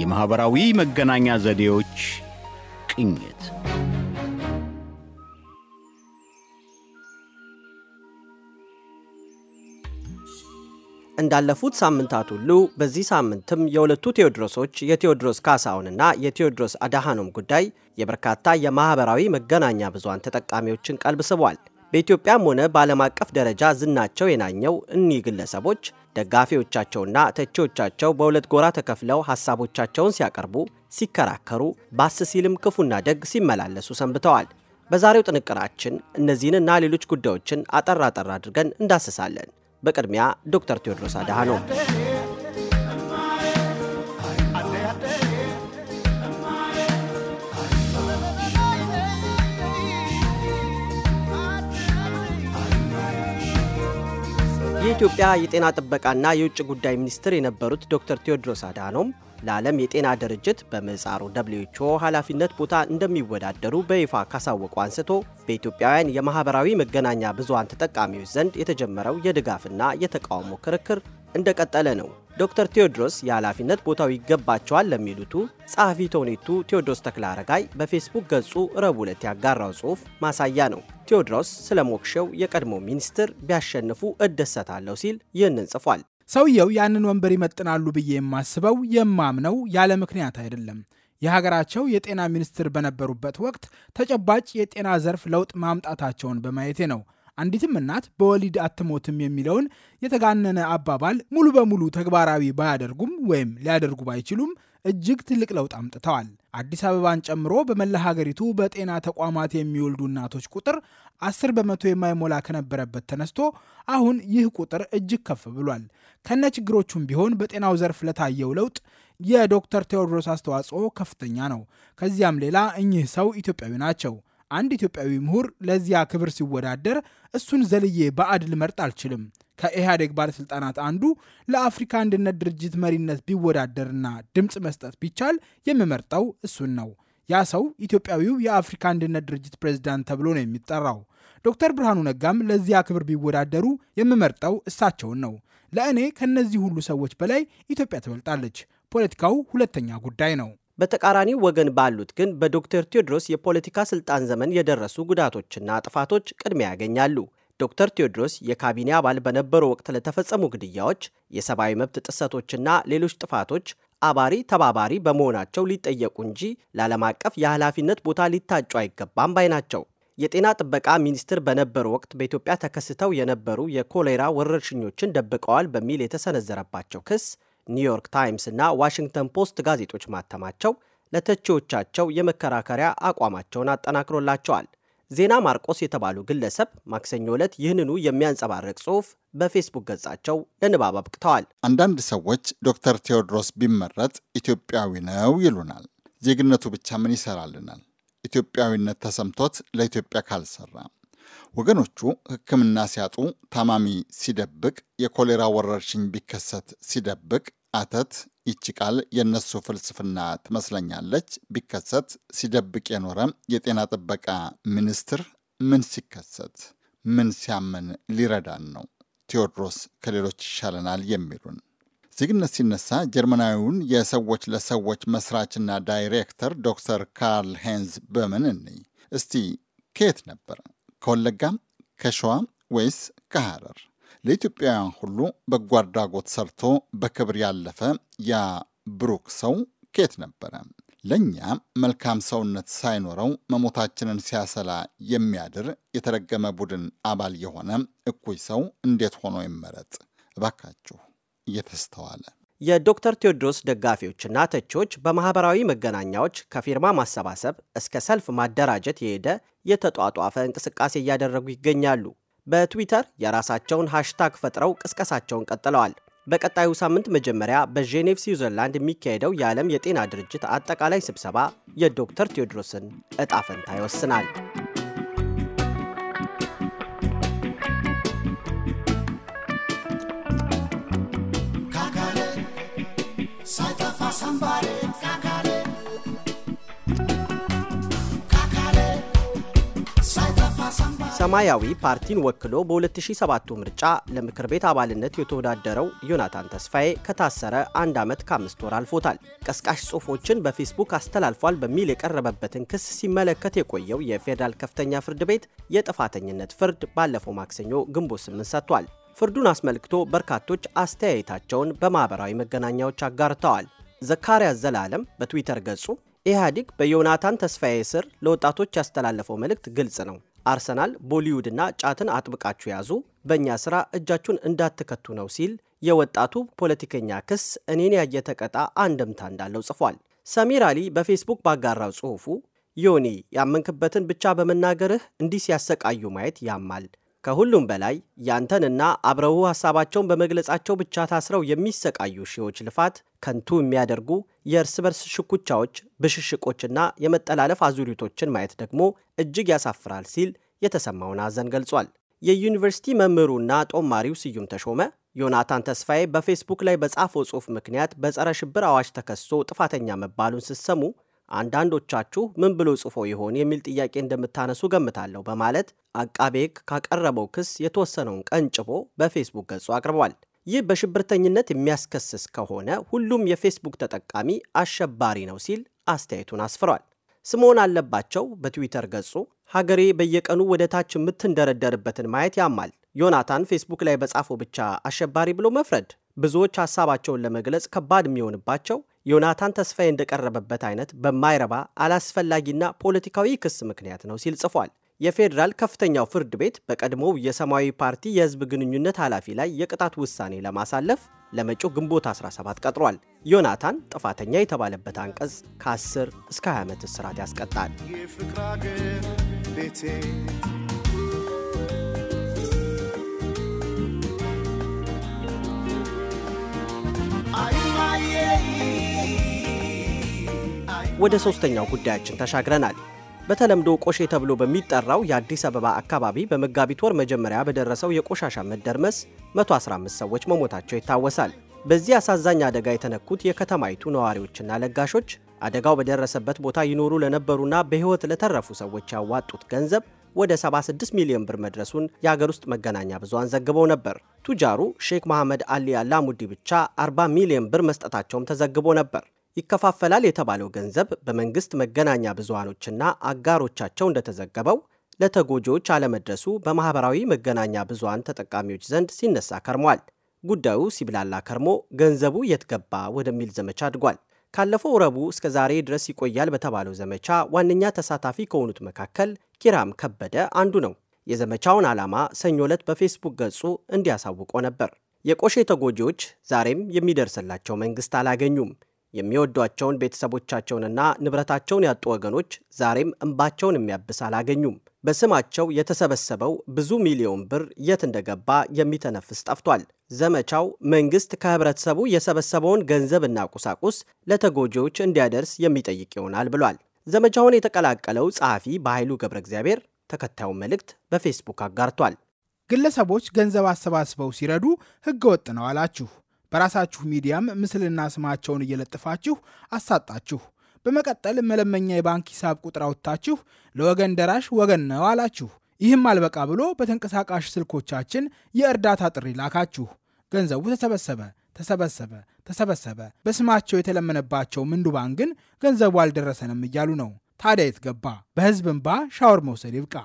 የማኅበራዊ መገናኛ ዘዴዎች ቅኝት እንዳለፉት ሳምንታት ሁሉ በዚህ ሳምንትም የሁለቱ ቴዎድሮሶች የቴዎድሮስ ካሳሁንና የቴዎድሮስ አድሃኖም ጉዳይ የበርካታ የማኅበራዊ መገናኛ ብዙሃን ተጠቃሚዎችን ቀልብ ስቧል። በኢትዮጵያም ሆነ በዓለም አቀፍ ደረጃ ዝናቸው የናኘው እኒህ ግለሰቦች ደጋፊዎቻቸውና ተቺዎቻቸው በሁለት ጎራ ተከፍለው ሐሳቦቻቸውን ሲያቀርቡ፣ ሲከራከሩ፣ ባስ ሲልም ክፉና ደግ ሲመላለሱ ሰንብተዋል። በዛሬው ጥንቅራችን እነዚህንና ሌሎች ጉዳዮችን አጠር አጠር አድርገን እንዳስሳለን። በቅድሚያ ዶክተር ቴዎድሮስ አድሃኖም ነው። የኢትዮጵያ የጤና ጥበቃና የውጭ ጉዳይ ሚኒስትር የነበሩት ዶክተር ቴዎድሮስ አድሃኖም ለዓለም የጤና ድርጅት በምህጻሩ ደብሊውኤችኦ ኃላፊነት ቦታ እንደሚወዳደሩ በይፋ ካሳወቁ አንስቶ በኢትዮጵያውያን የማኅበራዊ መገናኛ ብዙሃን ተጠቃሚዎች ዘንድ የተጀመረው የድጋፍና የተቃውሞ ክርክር እንደቀጠለ ነው። ዶክተር ቴዎድሮስ የኃላፊነት ቦታው ይገባቸዋል ለሚሉቱ ጸሐፊ ተውኔቱ ቴዎድሮስ ተክለ አረጋይ በፌስቡክ ገጹ ረቡዕ ዕለት ያጋራው ጽሑፍ ማሳያ ነው። ቴዎድሮስ ስለ ሞክሸው የቀድሞ ሚኒስትር ቢያሸንፉ እደሰታለሁ ሲል ይህንን ጽፏል። ሰውየው ያንን ወንበር ይመጥናሉ ብዬ የማስበው የማምነው ያለ ምክንያት አይደለም። የሀገራቸው የጤና ሚኒስትር በነበሩበት ወቅት ተጨባጭ የጤና ዘርፍ ለውጥ ማምጣታቸውን በማየቴ ነው። አንዲትም እናት በወሊድ አትሞትም የሚለውን የተጋነነ አባባል ሙሉ በሙሉ ተግባራዊ ባያደርጉም ወይም ሊያደርጉ ባይችሉም እጅግ ትልቅ ለውጥ አምጥተዋል። አዲስ አበባን ጨምሮ በመላ ሀገሪቱ በጤና ተቋማት የሚወልዱ እናቶች ቁጥር አስር በመቶ የማይሞላ ከነበረበት ተነስቶ አሁን ይህ ቁጥር እጅግ ከፍ ብሏል። ከነ ችግሮቹም ቢሆን በጤናው ዘርፍ ለታየው ለውጥ የዶክተር ቴዎድሮስ አስተዋጽኦ ከፍተኛ ነው። ከዚያም ሌላ እኚህ ሰው ኢትዮጵያዊ ናቸው። አንድ ኢትዮጵያዊ ምሁር ለዚያ ክብር ሲወዳደር እሱን ዘልዬ በአድል መርጥ አልችልም። ከኢህአዴግ ባለሥልጣናት አንዱ ለአፍሪካ አንድነት ድርጅት መሪነት ቢወዳደርና ድምፅ መስጠት ቢቻል የምመርጠው እሱን ነው። ያ ሰው ኢትዮጵያዊው የአፍሪካ አንድነት ድርጅት ፕሬዝዳንት ተብሎ ነው የሚጠራው። ዶክተር ብርሃኑ ነጋም ለዚያ ክብር ቢወዳደሩ የምመርጠው እሳቸውን ነው። ለእኔ ከእነዚህ ሁሉ ሰዎች በላይ ኢትዮጵያ ትበልጣለች። ፖለቲካው ሁለተኛ ጉዳይ ነው። በተቃራኒው ወገን ባሉት ግን በዶክተር ቴዎድሮስ የፖለቲካ ስልጣን ዘመን የደረሱ ጉዳቶችና ጥፋቶች ቅድሚያ ያገኛሉ። ዶክተር ቴዎድሮስ የካቢኔ አባል በነበሩ ወቅት ለተፈጸሙ ግድያዎች፣ የሰብአዊ መብት ጥሰቶችና ሌሎች ጥፋቶች አባሪ ተባባሪ በመሆናቸው ሊጠየቁ እንጂ ለዓለም አቀፍ የኃላፊነት ቦታ ሊታጩ አይገባም ባይ ናቸው። የጤና ጥበቃ ሚኒስትር በነበሩ ወቅት በኢትዮጵያ ተከስተው የነበሩ የኮሌራ ወረርሽኞችን ደብቀዋል በሚል የተሰነዘረባቸው ክስ ኒውዮርክ ታይምስ እና ዋሽንግተን ፖስት ጋዜጦች ማተማቸው ለተቺዎቻቸው የመከራከሪያ አቋማቸውን አጠናክሮላቸዋል። ዜና ማርቆስ የተባሉ ግለሰብ ማክሰኞ ዕለት ይህንኑ የሚያንጸባርቅ ጽሑፍ በፌስቡክ ገጻቸው ለንባብ አብቅተዋል። አንዳንድ ሰዎች ዶክተር ቴዎድሮስ ቢመረጥ ኢትዮጵያዊ ነው ይሉናል። ዜግነቱ ብቻ ምን ይሰራልናል? ኢትዮጵያዊነት ተሰምቶት ለኢትዮጵያ ካልሰራ ወገኖቹ ሕክምና ሲያጡ፣ ታማሚ ሲደብቅ፣ የኮሌራ ወረርሽኝ ቢከሰት ሲደብቅ አተት ይቺ ቃል የእነሱ ፍልስፍና ትመስለኛለች። ቢከሰት ሲደብቅ የኖረ የጤና ጥበቃ ሚኒስትር ምን ሲከሰት ምን ሲያመን ሊረዳን ነው? ቴዎድሮስ ከሌሎች ይሻለናል የሚሉን ዜግነት ሲነሳ ጀርመናዊውን የሰዎች ለሰዎች መስራችና ዳይሬክተር ዶክተር ካርል ሄንዝ በምን እንይ እስቲ ከየት ነበረ ከወለጋ ከሸዋ ወይስ ከሐረር? ለኢትዮጵያውያን ሁሉ በጎ አድራጎት ሰርቶ በክብር ያለፈ ያ ብሩክ ሰው ኬት ነበረ? ለእኛ መልካም ሰውነት ሳይኖረው መሞታችንን ሲያሰላ የሚያድር የተረገመ ቡድን አባል የሆነ እኩይ ሰው እንዴት ሆኖ ይመረጥ? እባካችሁ እየተስተዋለ የዶክተር ቴዎድሮስ ደጋፊዎችና ተቾች በማኅበራዊ መገናኛዎች ከፊርማ ማሰባሰብ እስከ ሰልፍ ማደራጀት የሄደ የተጧጧፈ እንቅስቃሴ እያደረጉ ይገኛሉ። በትዊተር የራሳቸውን ሃሽታግ ፈጥረው ቅስቀሳቸውን ቀጥለዋል። በቀጣዩ ሳምንት መጀመሪያ በጄኔቭ ስዊዘርላንድ የሚካሄደው የዓለም የጤና ድርጅት አጠቃላይ ስብሰባ የዶክተር ቴዎድሮስን እጣ ፈንታ ይወስናል። ሰማያዊ ፓርቲን ወክሎ በ2007 ምርጫ ለምክር ቤት አባልነት የተወዳደረው ዮናታን ተስፋዬ ከታሰረ አንድ ዓመት ከአምስት ወር አልፎታል። ቀስቃሽ ጽሑፎችን በፌስቡክ አስተላልፏል በሚል የቀረበበትን ክስ ሲመለከት የቆየው የፌዴራል ከፍተኛ ፍርድ ቤት የጥፋተኝነት ፍርድ ባለፈው ማክሰኞ ግንቦት ስምንት ሰጥቷል። ፍርዱን አስመልክቶ በርካቶች አስተያየታቸውን በማኅበራዊ መገናኛዎች አጋርተዋል። ዘካርያስ ዘላለም በትዊተር ገጹ ኢህአዲግ በዮናታን ተስፋዬ ስር ለወጣቶች ያስተላለፈው መልእክት ግልጽ ነው። አርሰናል ቦሊውድና ጫትን አጥብቃችሁ ያዙ፣ በእኛ ሥራ እጃችሁን እንዳትከቱ ነው ሲል የወጣቱ ፖለቲከኛ ክስ እኔን ያየ ተቀጣ አንድምታ እንዳለው ጽፏል። ሰሚር አሊ በፌስቡክ ባጋራው ጽሑፉ ዮኒ ያመንክበትን ብቻ በመናገርህ እንዲህ ሲያሰቃዩ ማየት ያማል ከሁሉም በላይ ያንተንና አብረው ሐሳባቸውን በመግለጻቸው ብቻ ታስረው የሚሰቃዩ ሺዎች ልፋት ከንቱ የሚያደርጉ የእርስ በርስ ሽኩቻዎች፣ ብሽሽቆችና የመጠላለፍ አዙሪቶችን ማየት ደግሞ እጅግ ያሳፍራል ሲል የተሰማውን ሐዘን ገልጿል። የዩኒቨርሲቲ መምህሩና ጦማሪው ስዩም ተሾመ ዮናታን ተስፋዬ በፌስቡክ ላይ በጻፈው ጽሑፍ ምክንያት በጸረ ሽብር አዋጅ ተከሶ ጥፋተኛ መባሉን ስሰሙ አንዳንዶቻችሁ ምን ብሎ ጽፎ ይሆን የሚል ጥያቄ እንደምታነሱ ገምታለሁ በማለት አቃቤ ሕግ ካቀረበው ክስ የተወሰነውን ቀንጭቦ በፌስቡክ ገጹ አቅርቧል። ይህ በሽብርተኝነት የሚያስከስስ ከሆነ ሁሉም የፌስቡክ ተጠቃሚ አሸባሪ ነው ሲል አስተያየቱን አስፍሯል። ስምዖን አለባቸው በትዊተር ገጹ ሀገሬ በየቀኑ ወደ ታች የምትንደረደርበትን ማየት ያማል። ዮናታን ፌስቡክ ላይ በጻፈው ብቻ አሸባሪ ብሎ መፍረድ ብዙዎች ሀሳባቸውን ለመግለጽ ከባድ የሚሆንባቸው ዮናታን ተስፋዬ እንደቀረበበት አይነት በማይረባ አላስፈላጊና ፖለቲካዊ ክስ ምክንያት ነው ሲል ጽፏል። የፌዴራል ከፍተኛው ፍርድ ቤት በቀድሞው የሰማያዊ ፓርቲ የሕዝብ ግንኙነት ኃላፊ ላይ የቅጣት ውሳኔ ለማሳለፍ ለመጪው ግንቦት 17 ቀጥሯል። ዮናታን ጥፋተኛ የተባለበት አንቀጽ ከ10 እስከ 20 ዓመት እስራት ያስቀጣል። ወደ ሶስተኛው ጉዳያችን ተሻግረናል። በተለምዶ ቆሼ ተብሎ በሚጠራው የአዲስ አበባ አካባቢ በመጋቢት ወር መጀመሪያ በደረሰው የቆሻሻ መደርመስ 115 ሰዎች መሞታቸው ይታወሳል። በዚህ አሳዛኝ አደጋ የተነኩት የከተማይቱ ነዋሪዎችና ለጋሾች አደጋው በደረሰበት ቦታ ይኖሩ ለነበሩና በሕይወት ለተረፉ ሰዎች ያዋጡት ገንዘብ ወደ 76 ሚሊዮን ብር መድረሱን የአገር ውስጥ መገናኛ ብዙሃን ዘግበው ነበር። ቱጃሩ ሼክ መሐመድ አሊ አላሙዲ ብቻ 40 ሚሊዮን ብር መስጠታቸውም ተዘግቦ ነበር። ይከፋፈላል የተባለው ገንዘብ በመንግስት መገናኛ ብዙሃኖችና አጋሮቻቸው እንደተዘገበው ለተጎጂዎች አለመድረሱ በማኅበራዊ መገናኛ ብዙሃን ተጠቃሚዎች ዘንድ ሲነሳ ከርሟል። ጉዳዩ ሲብላላ ከርሞ ገንዘቡ የት ገባ ወደሚል ዘመቻ አድጓል። ካለፈው ረቡዕ እስከ ዛሬ ድረስ ይቆያል በተባለው ዘመቻ ዋነኛ ተሳታፊ ከሆኑት መካከል ኪራም ከበደ አንዱ ነው። የዘመቻውን ዓላማ ሰኞ ዕለት በፌስቡክ ገጹ እንዲያሳውቆ ነበር። የቆሼ ተጎጂዎች ዛሬም የሚደርስላቸው መንግስት አላገኙም። የሚወዷቸውን ቤተሰቦቻቸውንና ንብረታቸውን ያጡ ወገኖች ዛሬም እንባቸውን የሚያብስ አላገኙም። በስማቸው የተሰበሰበው ብዙ ሚሊዮን ብር የት እንደገባ የሚተነፍስ ጠፍቷል። ዘመቻው መንግስት ከህብረተሰቡ የሰበሰበውን ገንዘብና ቁሳቁስ ለተጎጂዎች እንዲያደርስ የሚጠይቅ ይሆናል ብሏል። ዘመቻውን የተቀላቀለው ጸሐፊ በኃይሉ ገብረ እግዚአብሔር ተከታዩን መልእክት በፌስቡክ አጋርቷል። ግለሰቦች ገንዘብ አሰባስበው ሲረዱ ህገ ወጥ ነው አላችሁ። በራሳችሁ ሚዲያም ምስልና ስማቸውን እየለጥፋችሁ አሳጣችሁ። በመቀጠል መለመኛ የባንክ ሂሳብ ቁጥር አውጥታችሁ ለወገን ደራሽ ወገን ነው አላችሁ። ይህም አልበቃ ብሎ በተንቀሳቃሽ ስልኮቻችን የእርዳታ ጥሪ ላካችሁ። ገንዘቡ ተሰበሰበ ተሰበሰበ ተሰበሰበ። በስማቸው የተለመነባቸው ምንዱባን ግን ገንዘቡ አልደረሰንም እያሉ ነው። ታዲያ የት ገባ? ባ እንባ ሻወር መውሰድ ይብቃ።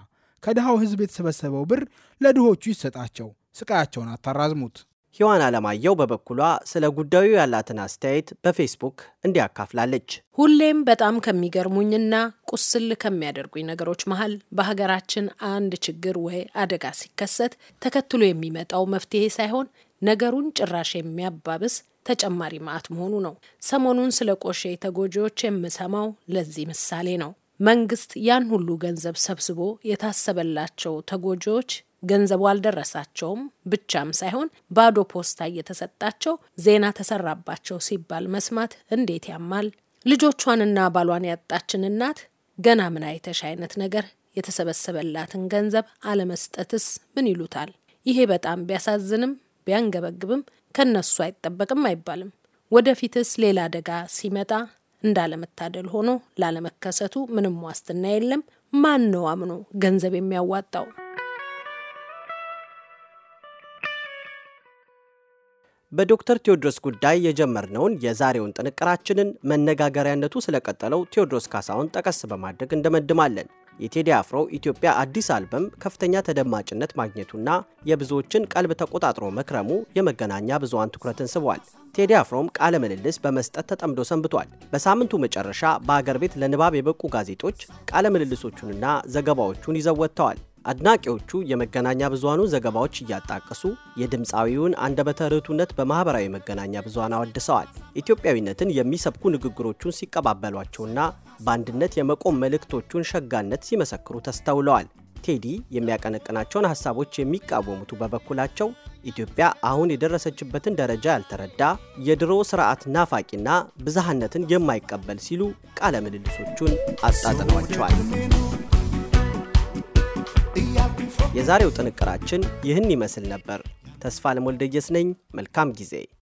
ከድሃው ህዝብ የተሰበሰበው ብር ለድሆቹ ይሰጣቸው። ስቃያቸውን አታራዝሙት። ሕዋን አለማየሁ በበኩሏ ስለ ጉዳዩ ያላትን አስተያየት በፌስቡክ እንዲያካፍላለች። ሁሌም በጣም ከሚገርሙኝና ቁስል ከሚያደርጉኝ ነገሮች መሀል በሀገራችን አንድ ችግር ወይ አደጋ ሲከሰት ተከትሎ የሚመጣው መፍትሄ ሳይሆን ነገሩን ጭራሽ የሚያባብስ ተጨማሪ መዓት መሆኑ ነው። ሰሞኑን ስለ ቆሼ ተጎጂዎች የምሰማው ለዚህ ምሳሌ ነው። መንግስት ያን ሁሉ ገንዘብ ሰብስቦ የታሰበላቸው ተጎጂዎች ገንዘቡ አልደረሳቸውም ብቻም ሳይሆን ባዶ ፖስታ እየተሰጣቸው ዜና ተሰራባቸው ሲባል መስማት እንዴት ያማል! ልጆቿንና ባሏን ያጣችን እናት ገና ምን አይተሽ አይነት ነገር የተሰበሰበላትን ገንዘብ አለመስጠትስ ምን ይሉታል? ይሄ በጣም ቢያሳዝንም ቢያንገበግብም ከነሱ አይጠበቅም አይባልም። ወደፊትስ ሌላ አደጋ ሲመጣ እንዳለመታደል ሆኖ ላለመከሰቱ ምንም ዋስትና የለም። ማን ነው አምኖ ገንዘብ የሚያዋጣው? በዶክተር ቴዎድሮስ ጉዳይ የጀመርነውን የዛሬውን ጥንቅራችንን መነጋገሪያነቱ ስለቀጠለው ቴዎድሮስ ካሳውን ጠቀስ በማድረግ እንደመድማለን። የቴዲ አፍሮ ኢትዮጵያ አዲስ አልበም ከፍተኛ ተደማጭነት ማግኘቱና የብዙዎችን ቀልብ ተቆጣጥሮ መክረሙ የመገናኛ ብዙሃን ትኩረትን ስቧል። ቴዲ አፍሮም ቃለ ምልልስ በመስጠት ተጠምዶ ሰንብቷል። በሳምንቱ መጨረሻ በአገር ቤት ለንባብ የበቁ ጋዜጦች ቃለ ምልልሶቹንና ዘገባዎቹን ይዘው ወጥተዋል። አድናቂዎቹ የመገናኛ ብዙሃኑን ዘገባዎች እያጣቀሱ የድምፃዊውን አንደበተ ርቱዕነት በማኅበራዊ መገናኛ ብዙሃን አወድሰዋል። ኢትዮጵያዊነትን የሚሰብኩ ንግግሮቹን ሲቀባበሏቸውና በአንድነት የመቆም መልእክቶቹን ሸጋነት ሲመሰክሩ ተስተውለዋል። ቴዲ የሚያቀነቅናቸውን ሀሳቦች የሚቃወሙቱ በበኩላቸው ኢትዮጵያ አሁን የደረሰችበትን ደረጃ ያልተረዳ የድሮ ስርዓት ናፋቂና ብዝሃነትን የማይቀበል ሲሉ ቃለ ምልልሶቹን አጣጥለዋቸዋል። የዛሬው ጥንቅራችን ይህን ይመስል ነበር። ተስፋ ለሞልደየስ ነኝ። መልካም ጊዜ